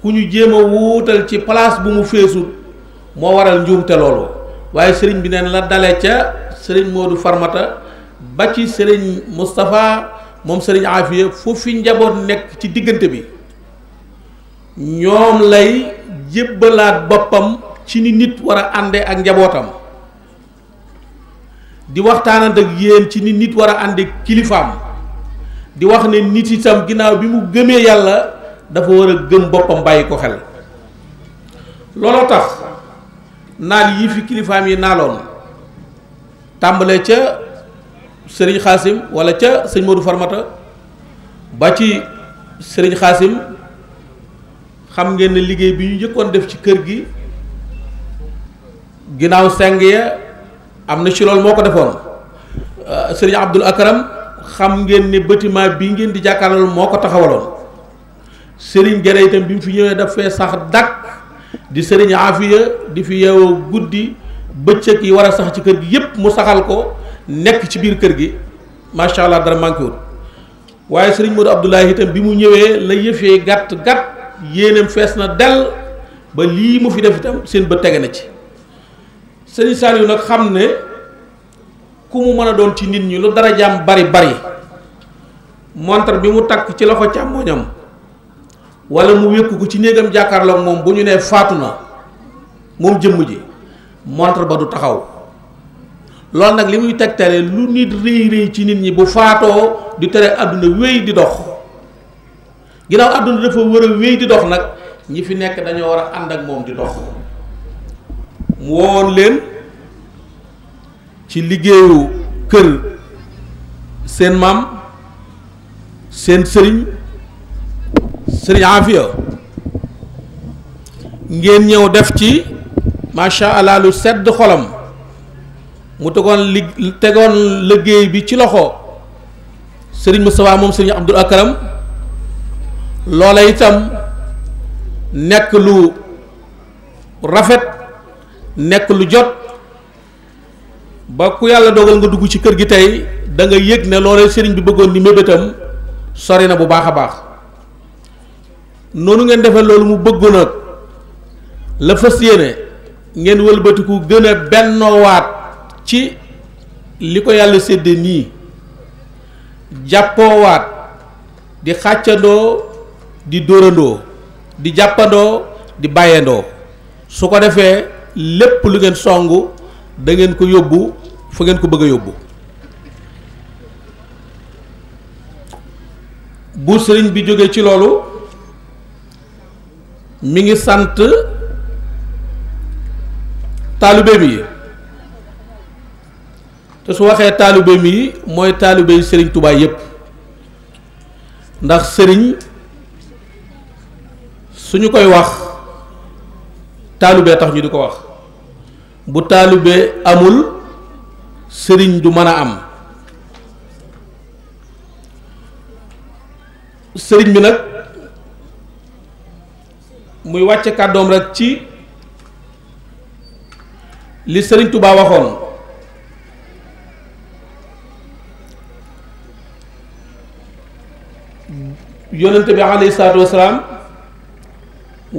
ku ñu jéem a wuutal ci place bu mu feesul moo waral njuumte loolu waaye sëriñ bi neen la dale ca sëriñ Modou Farmata ba ci sëriñ Moustapha moom seriñ Afiya foofu fi njaboot nekk ci diggante bi ñoom lay jébbalaat boppam ci ni nit war a ànde ak njabootam di waxtaanante ak yéen ci ni nit war a kilifaam di wax ne nit itam ginnaaw bi mu gëmee yàlla dafa war a gëm boppam bàyyi ko xel looloo tax naal yii fi kilifaam yi naaloon tàmbale ca sëriñ xaasim wala ca sëñ Modou Farmata ba ci sëriñ xaasim xam ngeen ne liggéey bi ñu yëkkoon def ci kër gi ginnaaw seng ya am na ci loolu moo ko defoon euh, sëriñ Abdul Akram xam ngeen ne bâtiment bii ngeen di jàkkaarlool moo ko taxawaloon sëriñ Gere bi mu fi ñëwee daf fee sax dàq di sëriñ Afiya di fi yeewoo guddi bëccëg yi war a sax ci kër gi yépp mu saxal ko nekk ci biir kër gi macha allah dara manqué wul waaye sëriñ Modou Abdoulaye itam bi mu ñëwee la yëfee gàtt gàtt yéeneem fees na dell ba lii mu fi def itam seen bët tege na ci sëriñ Saliou nag xam ne ku mu mën a doon ci nit ñi lu dara jaam bari bari montre bi mu takk ci loxo càmmoñam walla mu wékk ko ci néegam jàkkaarloog moom bu ñu nee faatu na moom jëmm ji montre ba du taxaw lool nag li muy tegtale lu nit rëy rëy ci nit ñi bu faatoo di tere àdduna wéy di dox ginnaaw àdduna dafa war a wéy di dox nag ñi fi nekk dañoo war a ànd ak moom di dox mu wowoon leen ci liggéeyu kër seen maam seen sëriñ sëriñ Afia ngeen ñëw def ci macha allah lu sedd xolam mu tegoon li tegoon liggéey bi ci loxo sëriñ Moustapha moom sëriñ Abdul Akram loola itam nekk lu rafet nekk lu jot ba ku yàlla dogal nga dugg ci kër gi tey da nga yëg ne loola sëriñ bi bëggoon ni mébétam sori na bu baax a baax noonu ngeen defee loolu mu bëggoon nag la fas yéene ngeen wëlbatiku gën a bennoowaat ci li ko yàlla sédde nii jàppoowaat di xàccandoo di dóorandoo di jàppandoo di bàyyandoo su ko defee lépp lu ngeen song da ngeen ko yóbbu fa ngeen ko bëgg a yóbbu bu sëriñ bi jóge ci loolu mi ngi sant taalibe bi te su waxee taalibe mi mooy taalibe sëriñ tubaay yépp ndax sëriñ su ñu koy wax taalibee tax ñu di ko wax bu taalibee amul sëriñ du mën a am sëriñ bi nag muy wàcce kàddoom rek ci li sëriñ tubaa waxoon yonent bi alayhi salaatu wasalaam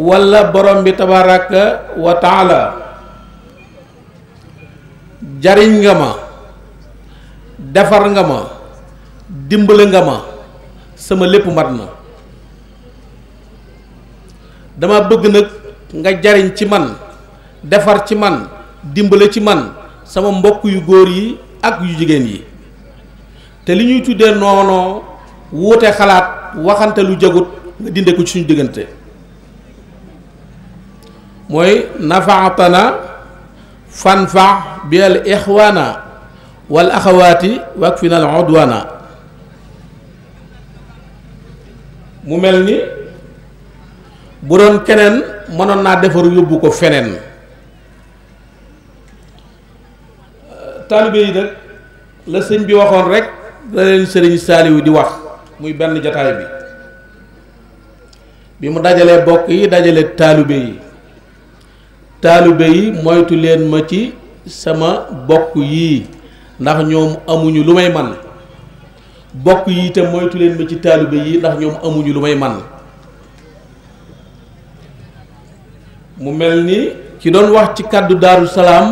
wala borom bi tabaraka wa taala jariñ nga ma defar nga ma dimbale nga ma sama lépp mat na dama bëgg nag nga jariñ ci man defar ci man dimbale ci man sama mbokk yu góor yi ak yu jigéen yi te li ñuy tudde noonoo wuute xalaat waxante lu jagut nga dinde ko ci suñu diggante mooy nafaatana fanfa bi al ixwaana wal axawaati wak fi na al mu mel ni bu doon keneen mënoon naa defaru yóbbu ko feneen taalibe yi nag la sëñ bi waxoon rekk la leen sëriñ Saaliw di wax muy benn jataay bi bi mu dajalee bokk yi dajale taalibe yi taalibe yi moytu leen ma ci sama bokk yii ndax ñoom amuñu lu may man bokk yi te moytu leen ma ci taalibe yi ndax ñoom amuñu lu may man mu mel ni ki doon wax ci kàddu daaru salaam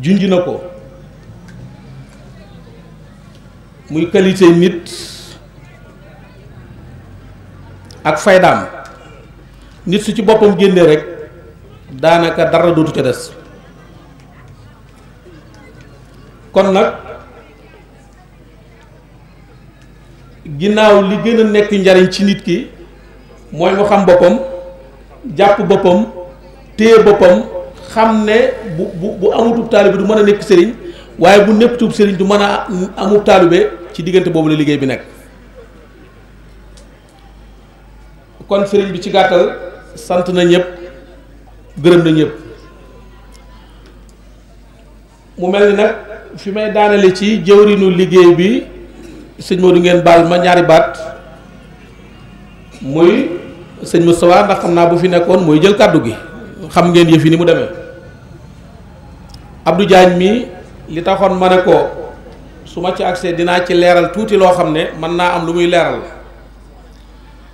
junj na ko muy qualité nit ak faydaam nit su ci boppam génnee rek daanaka dara dootu ca des kon nag ginnaaw li gën nekk njariñ ci nit ki mooy mu xam boppam jàpp boppam téye boppam xam ne bu bu bu amutu taalibe du mën a nekk sëriñ waaye bu népp tuub sëriñ du mën a amul taalibe ci diggante boobu la liggéey bi nekk kon sëriñ bi ci gàttal sant na ñëpp gërëm na ñëpp mu mel ni nag fi may daanale ci jëwriñu liggéey bi sëñ Modou ngeen baal ma ñaari baat muy sëñ Moustapha ndax xam naa bu fi nekkoon mooy jël kàddu gi xam ngeen yëf ni mu demee Abdou mi li taxoon ma ne ko su ma ci agsee dinaa ci leeral tuuti loo xam ne mën naa am lu muy leeral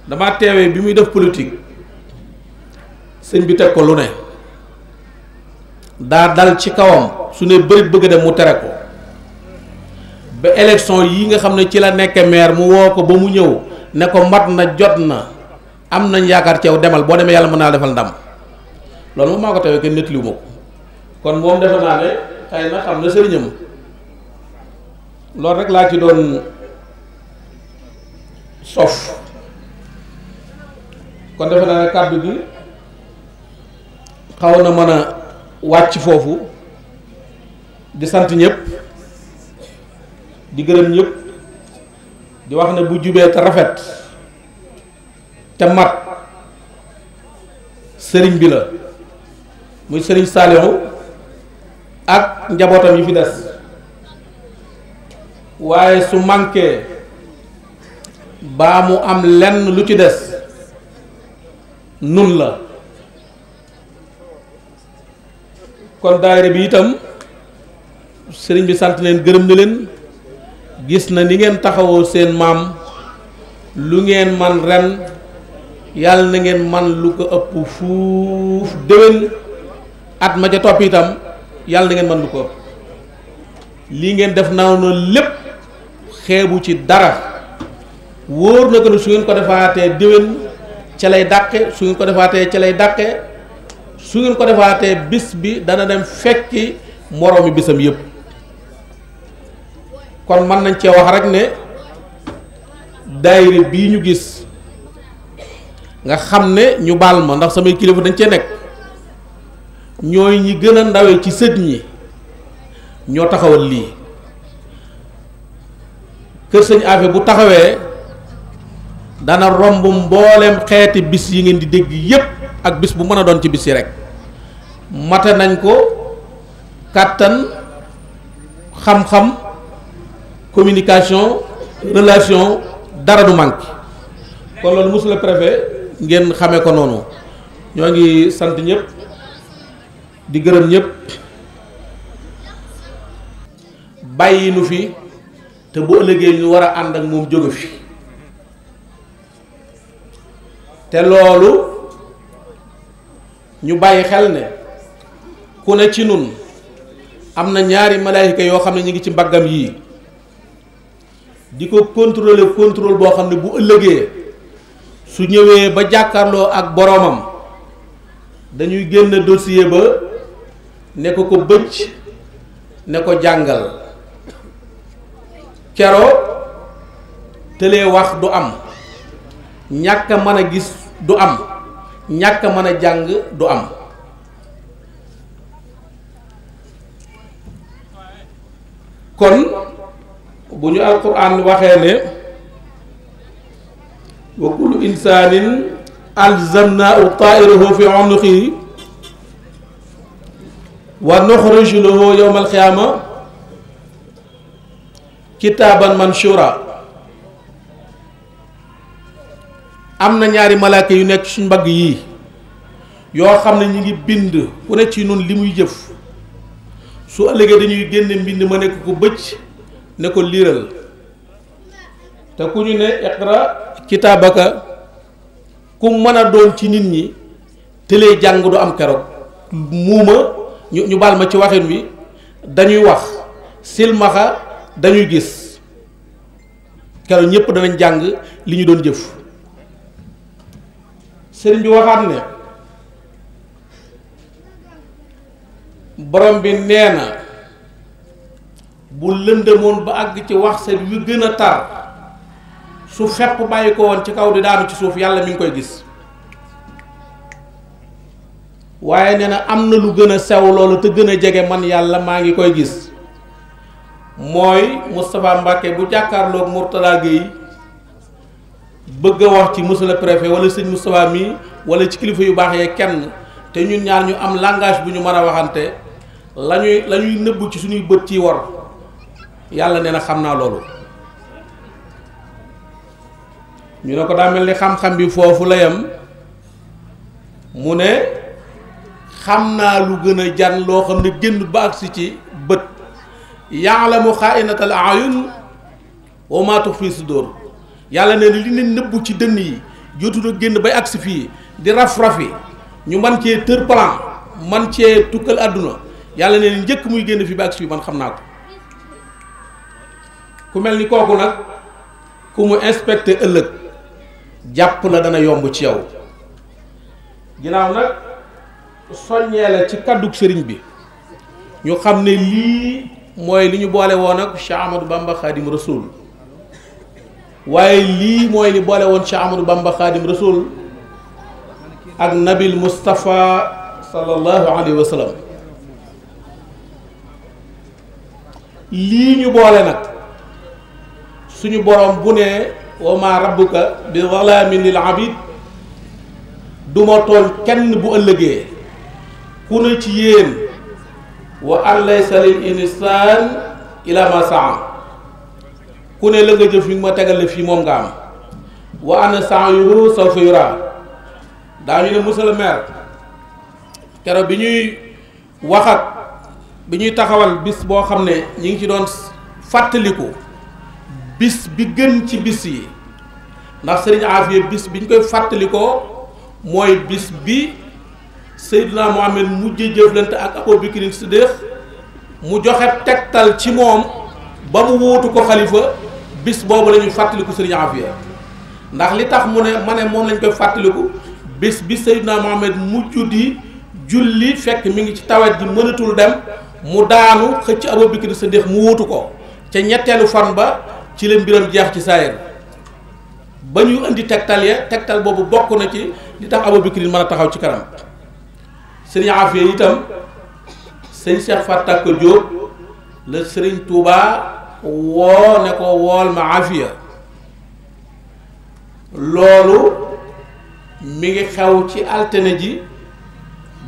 dama teewee bi muy def politique sëñ bi teg ko lu ne daa dal ci kawam su ne bërit bëgg dem mu tere ko ba élection yi nga xam ne ci la nekk maire mu woo ko ba mu ñëw ne ko mat na jot na am nañ yaakaar ci demal boo demee yàlla mën naa defal ndam loolu moom maa ko tawee kenn nettaliwu ko kon moom defe naa ne xëy na xam na sëriñam loolu rek laa ci doon sof kon defe naa kàddu gi xaw na mën a wàcc foofu di sant ñëpp di gërëm ñépp di wax ne bu jubee te rafet te mat sëriñ bi la muy sëriñ Saalihu ak njabootam yi fi des waaye su manqué baa mu am lenn lu ci des nun la kon daayira bi itam sëriñ bi sant leen gërëm na leen gis na ni ngeen taxawoo seen maam lu ngeen man ren yàlla na ngeen man lu ko ëpp fuuf déwén at ma ca topp itam yàlla na ngeen mën lu ko lii ngeen def naaw na lépp xeebu ci dara wóor na ko ne su ngeen ko defaatee déwén ca lay dàqe su ngeen ko defaatee ca lay dàqe su ngeen ko defaatee bis bi dana dem fekki moroomi bisam yépp kon mën nañ cee wax rek ne daayira bii ñu gis nga xam ne ñu baal ma ndax samay kilifa dañ cee nekk ñooy ñi gën ndawe ci sët ñi ñoo taxawal lii kër sëñ Afe bu taxawee dana romb mbooleem xeeti bis yi ngeen di dégg yépp ak bis bu mën a doon ci bis yi rek mate nañ ko kàttan xam-xam communication relation dara du manqué kon loolu monsieur le ngeen xamee ko noonu ñoo ngi sant ñëpp di gërëm ñépp bàyyinu fi te bu ëllëgee ñu war a ànd ak moom jóge fi te loolu ñu bàyyi xel ne ku ne ci nun am na ñaari malaayika yoo xam ne ñu ngi ci mbaggam yii di ko contrôler contrôle boo xam ne bu ëllëgee su ñëwee ba jàkkarloo ak boroomam dañuy génn dossier ba ne ko ko bëcc ne ko jàngal kero tëlee wax du am ñàkk a mën gis du am ñàkk a mën a jàng du am kon bu ñu alquran waxee ne wa insaanin alzamnaahu taa'irahu fi unuqihi wa nuxriju lahu yowma alxiyaama kitaaban manshura am na ñaari malaaka yu nekk suñ mbagg yii yoo xam ne ñu ngi bind ku ne ci nun li muy jëf su ëllëgee dañuy génne mbind ma nekk ko bëcc ne ko liiral te ku ñu ne iqra kitaabaka ku mën a doon ci nit ñi tëlee jàng du am keroog muuma ñu ñu baal ma ci waxin wi dañuy wax silmaxa dañuy gis keroog ñépp danañ jàng li ñu doon jëf seen bi waxaat ne borom bi nee na bu lëndëmoon ba àgg ci wax seen yu gën a tar su fepp bàyyi ko woon ci kaw di daanu ci suuf yàlla mi ngi koy gis waaye nee na am na lu gën a sew loolu te gën a jege man yàlla maa ngi koy gis mooy Moustapha Mbacke bu jàkkaarloog Mourtala gi bëgg a wax ci monsieur le préfet wala sëñ Moustapha mi wala ci kilifa yu baax yee kenn te ñun ñaar ñu am langage bu ñu mën a waxante la lañuy nëbbu ci suñuy bët ci wor yàlla nee na xam naa loolu ñu ne ko daa ni xam-xam bi foofu la yem mu ne. xam naa lu gën a jan loo xam ne génn ba agsi ci bët yaalamu xaainatal ayun wa maa tux fii sudur yàlla nee na li ne nëbbu ci dënn yi jotul a génn bay agsi fii di raf-rafi ñu man cee tër plan man cee tukkal àdduna yàlla nee njëkk muy génn fii ba agsi fii man xam naa ko ku mel ni kooku nag ku mu inspecté ëllëg jàpp na dana yomb ci yow ginnaaw nag soññee la ci kàddug sëriñ bi ñu xam ne lii mooy li ñu boole woon ak Cheikh Ahmadou Bamba Khadim Rasoul waaye lii mooy li boole woon Cheikh Ahmadou Bamba Khadim Rasoul ak Nabil Moustapha sallallahu alayhi wa lii ñu boole nag suñu borom bu ne wa ma rabbuka bi zalaamin lil abid duma tooñ kenn bu ëllëgee ku ne ci yéen wa an laysa insaan ila ma ku ne la nga jëf ñu ma tegal la fii moom nga am wa an sa'yuhu sawfa yura daa ñu ne monsieur le maire keroog bi ñuy wax bi ñuy taxawal bis boo xam ne ñu ngi ci doon fàttaliku bis bi gën ci bis yi ndax sëriñ Afia bis bi ñu koy fàttalikoo mooy bis bi Seydina Mohamed mujj jëflante ak Abu Bakrin Siddiq mu joxe tegtal ci moom ba mu wuutu ko xalifa bis boobu lañuy fàttaliku Sëriñ Afia ndax li tax mu ne ma ne moom lañ koy fàttaliku bis bi Seydina Mohamed mujj di julli fekk mi ngi ci tawet ji mënatul dem mu daanu xëcc Abu Bakrin Siddiq mu wuutu ko ca ñetteelu fan ba ci la mbiram jeex ci saayir ba ñu indi tegtal ya tegtal boobu bokk na ci li tax Abu Bakrin mën a taxaw ci kanam sëriñ Afiya itam sëñ Cheikh Fatak Diop la sëriñ Touba woo ne ko wool ma Afiya loolu mi ngi xew ci altine ji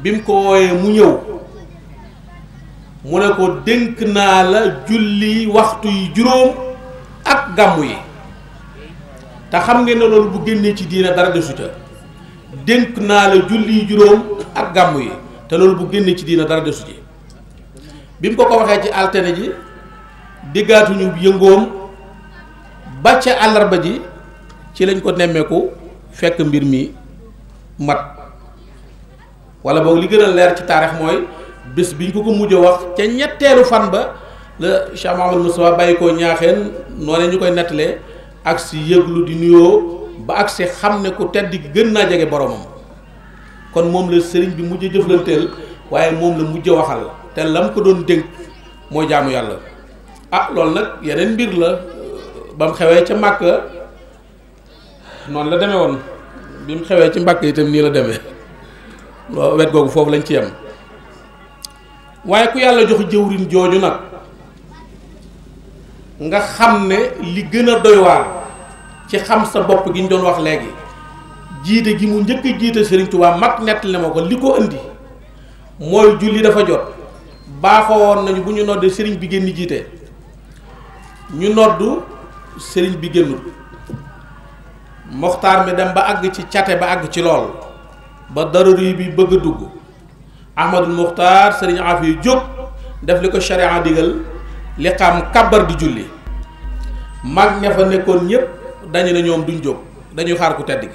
bi mu ko wooyee mu ñëw mu ne ko dénk naa la julli waxtu yi juróom ak gàmmu yi te xam ngeen ne loolu bu génnee ci diina dara desu ca dénk naa la julli juróom ak gàmm yi te loolu bu génn ci diina dara desu ci bi mu ko ko waxee ci altine ji diggaatuñu yëngoom ba ca àllarba ji ci lañ ko nemmeeku fekk mbir mi mat wala boog li gën leer ci taarix mooy bés biñ ko ko mujj wax ca ñetteelu fan ba la Cheikh Mahamadou Moustapha bàyyi koo ñaaxeen noonee ñu koy nettalee ak si yëglu di nuyoo ba agsi xam ne ku tedd gi gën naa jege boromam kon moom la sëriñ bi mujj jëflanteel waaye moom la mujj waxal te lam ko doon dénk moo jaamu yàlla ah loolu nag yeneen mbir la ba mu xewee ca màkk noonu la deme woon bi mu xewee ci mbàkk itam nii la deme loo wet googu foofu lañ ci yem waaye ku yàlla jox jëwriñ jooju nag nga xam ne li gën a doywaan ci xam sa bopp gi ñu doon wax léegi jiite gi mu njëkk a jiite Serigne Touba mag nett le ma ko li ko indi mooy julli dafa jot baaxoo woon nañu bu ñu noddee Serigne bi génn jiite ñu noddu sëriñ bi génnul moxtaar mi dem ba àgg ci cate ba àgg ci lool ba daruri bi bëgg dugg ahmadul muxtaar sëriñ afiyu jóg def li ko sharia digal li xam kabar di julli mag ña fa nekkoon ñépp dañu ne ñoom duñ jóg dañuy xaar ku tedd gi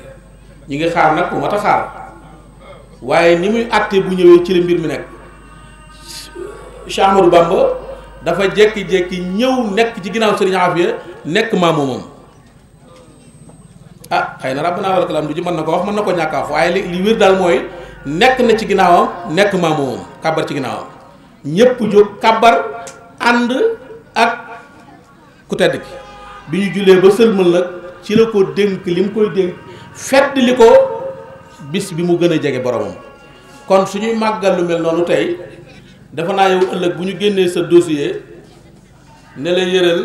ñu ngi xaar nag ku mat a xaar waaye ni muy àtte bu ñëwee ci la mbir mi nekk Cheikh Ahmadou Bamba dafa jékki-jékki ñëw nekk ci ginnaaw Serigne Afia nekk maamu moom ah xëy na rabbana wala kalam du ci mën na ko wax mën na ko ñàkk a wax waaye li li wér daal mooy nekk na ci ginnaawam nekk maamu moom kàbbar ci ginnaawam ñépp jóg kàbbar ànd ak ku tedd gi bi ñu jullee ba sëlmal nag. ci la ko dénk li mu koy dénk fedd li ko bis bi mu gën a jege boromam kon suñuy màggal lu mel noonu tey dafa naa yow ëllëg bu ñu génnee sa dossier ne la yëral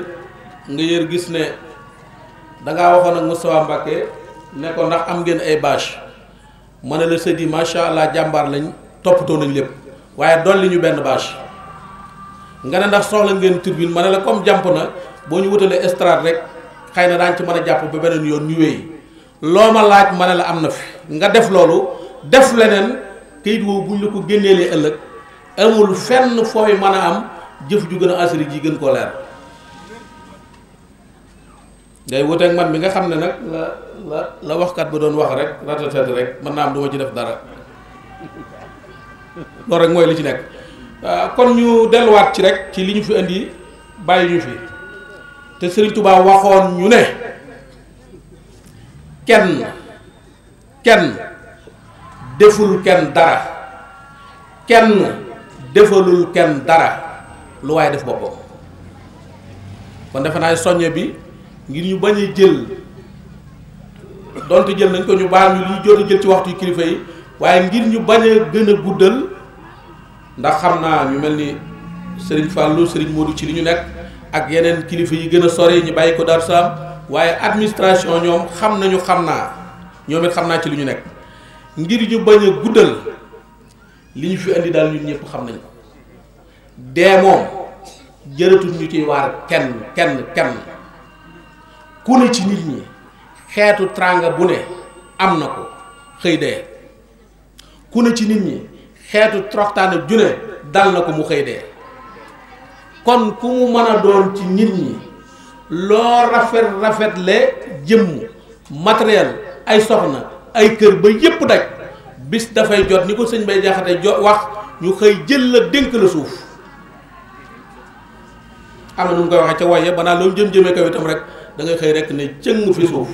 nga yër gis ne dangaa waxoon ak Moustapha Mbacké ne ko ndax am ngeen ay bâche ma ne la sët di macha allah jàmbaar lañ toppatoo nañ lépp waaye dolli ñu benn bâche nga ne ndax soxla ngeen turbine ma ne la comme jàmp na boo ñu wutalee estrade rek xëy na daañu ci mën a jàpp ba beneen yoon ñu wéy loo ma laaj ma ne la am na fi nga def loolu def leneen kayit woowu buñ la ko génneelee ëllëg amul fenn fooy mën a am jëf ju gën a asri ji gën koo leer ngay wuteeg man mi nga xam ne nag la la la waxkat ba doon wax rek ratatat rek mën naa am du ci def dara loolu rek mooy li ci nekk kon ñu delluwaat ci rek ci li ñu fi indi bàyyi ñu fi. te Sëriñ Tuubaa waxoon ñu ne kenn kenn deful kenn dara kenn defalul kenn dara lu waaye def boppam kon defe naa soññe bi ngir ñu bañ a jël donte jël nañ ko ñu baal ñu li jot jël ci waxtu kilifa yi waaye ngir ñu bañ a gën a guddal ndax xam naa ñu mel ni Serigne Fallou Serigne Modou ci li ñu nekk. ak yeneen kilifa yi gën a sori ñu bàyyi ko Darou Salam waaye administration ñoom xam nañu xam naa ñoom it xam naa ci li ñu nekk ngir ñu bañ a guddal li ñu fi indi daal ñun ñëpp xam nañu dee moom jërëtul ñu ciy waar kenn kenn kenn ku ne ci nit ñi xeetu tranga bu ne am na ko xëy dee ku ne ci nit ñi xeetu troxtaane ju ne dal na ko mu xëy dee kon ku mu mën a doon ci nit ñi loo rafet rafet le jëmm matériel ay soxna ay kër ba yépp daj bis dafay jot ni ko sëñ bay jaxate jo wax ñu xëy jël la dénk la suuf am na nu mu koy waxee ca waye naa loolu jëm-jëmee kaw itam rek da ngay xëy rek ne cëng fi suuf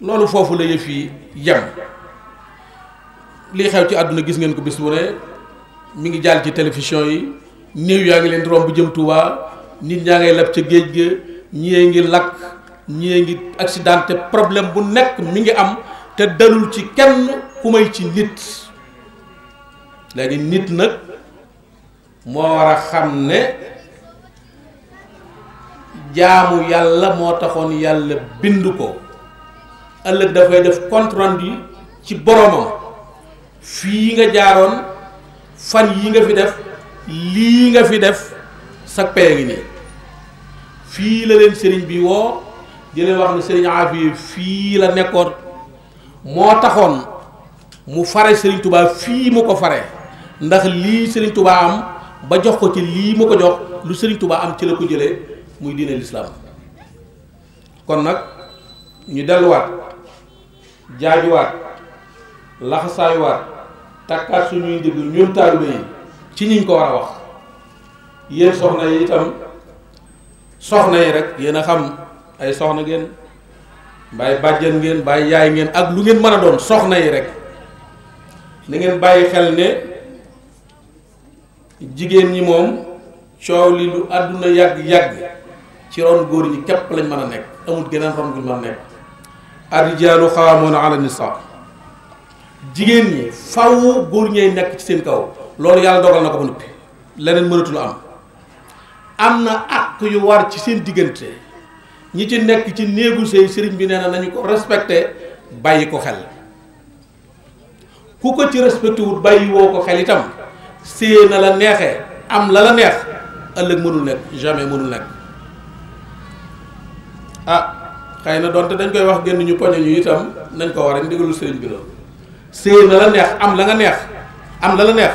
loolu foofu la yëf yi yem lii xew ci àdduna gis ngeen ko bis bu ne mu ngi jàll ci télévision yi néew yaa ngi leen di romb jëm Touba nit ñaa ngay lab ca géej ga ñii ngi lakk ñii ngi accidenté problème bu nekk mi ngi am te dalul ci kenn ku may ci nit léegi nit nag moo war a xam ne jaamu yàlla moo taxoon yàlla bind ko ëllëg dafay def compte rendu ci boromam fii nga jaaroon fan yi nga fi def lii nga fi def sag pay nii fii la leen sëriñ bi woo di wax ne sëriñ Afia fii la nekkoon moo taxoon mu fare sëriñ Touba fii mu ko fare ndax lii sëriñ Touba am ba jox ko ci lii mu ko jox lu sëriñ Touba am ci la ko jële muy diine lislaam kon nag ñu delluwaat jaajuwaat laxasaayuwaat takkaat suñuy ndigg ñun taalibe yi ci ñiñ ko war a wax yéen soxna yi itam soxna yi rek yéen a xam ay soxna ngeen bàyyi bàjjen ngeen bàyyi yaay ngeen ak lu ngeen mën a doon soxna yi rek na ngeen bàyyi xel ne jigéen ñi moom coow li lu àdduna yàgg-yàgg ci ron góor ñi képp lañ mën a nekk amul geneen ron guñ mën a nekk arrijaalu xawaamoona ala nisaa jigéen ñi faw góor ñay nekk ci seen kaw loolu yàlla dogal na ko ba noppi leneen mënatul am am na àq yu war ci seen diggante ñi ci nekk ci néegu sëy sëriñ bi nee na nañu ko respecté bàyyi ko xel ku ko ci respecté wut bàyyi woo ko xel itam séy na la neexee am la la neex ëllëg mënul nekk jamais mënul nekk ah xëy na donte dañ koy wax génn ñu poñe ñu itam nañ ko war a ndigalu sëriñ bi la séy na la neex am la nga neex am la la neex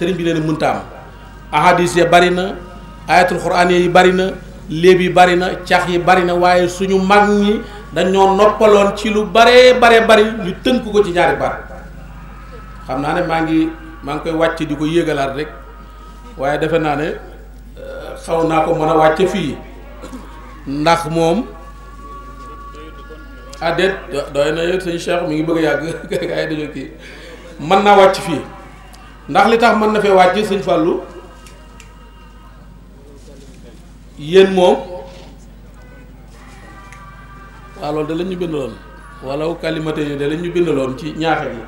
sëriñ bi nee na mënta am ahadis ya bari na ayatul xuraan yi bari na léeb yi bari na cax yi bari na waaye suñu mag ñi dañoo noppaloon ci lu bare bare bari ñu tënk ko ci ñaari bar xam naa ne maa ngi maa ngi koy wàcc di ko yéegalaat rek waaye defe naa ne euh, xaw naa ko mën a wàcc fii ndax moom ah déet na yëg sëñ Cheikh mi ngi bëgg a yàgg kay mën naa wàcc fii ndax li tax mën na fee wàcc sëñ Fallou yéen moom waaw loolu da ñu bindaloon walaw kalimate yi da lañ ñu bindaloon ci ñaaxe bi